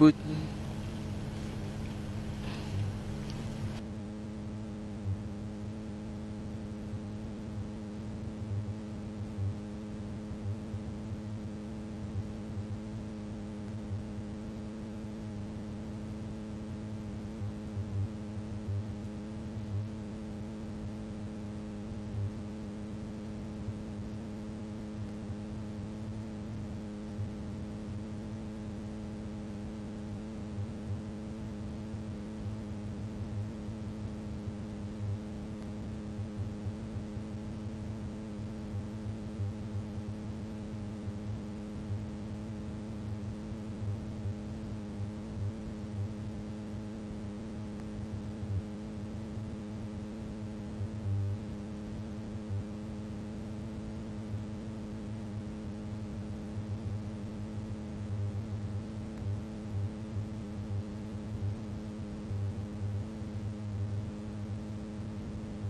bu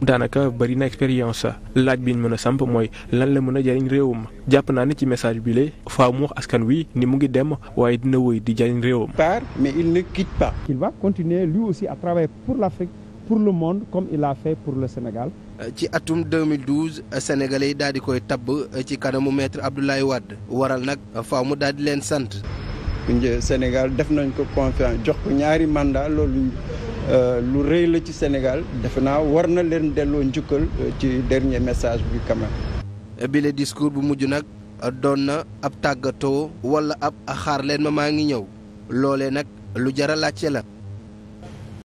daanaka bëri na expérience laaj bi ñu mën a samp mooy lan la mën a réew réewam jàpp naa ne ci message bi la faaw mu wax askan wi ni mu ngi dem waaye dina woy di jëriñ réewam. part mais il ne quitte pas. il va continuer lui aussi à travailler pour l'Afrique pour le monde comme il a fait pour le Sénégal. ci atum 2012 sénégalais yi daal di koy tabb ci kanamu maître Abdoulaye wadd waral nag faaw mu daal di leen sant. Sénégal def nañ ko confiance jox ko ñaari mandat loolu. Euh, lu rëy la ci Sénégal defe naa war na leen delloo njukkal euh, ci dernier message bi quand bile discours bu mujj nag doon na ab tàggatoo wala ab xaar leen ma maa ngi ñëw loole nag lu jar la.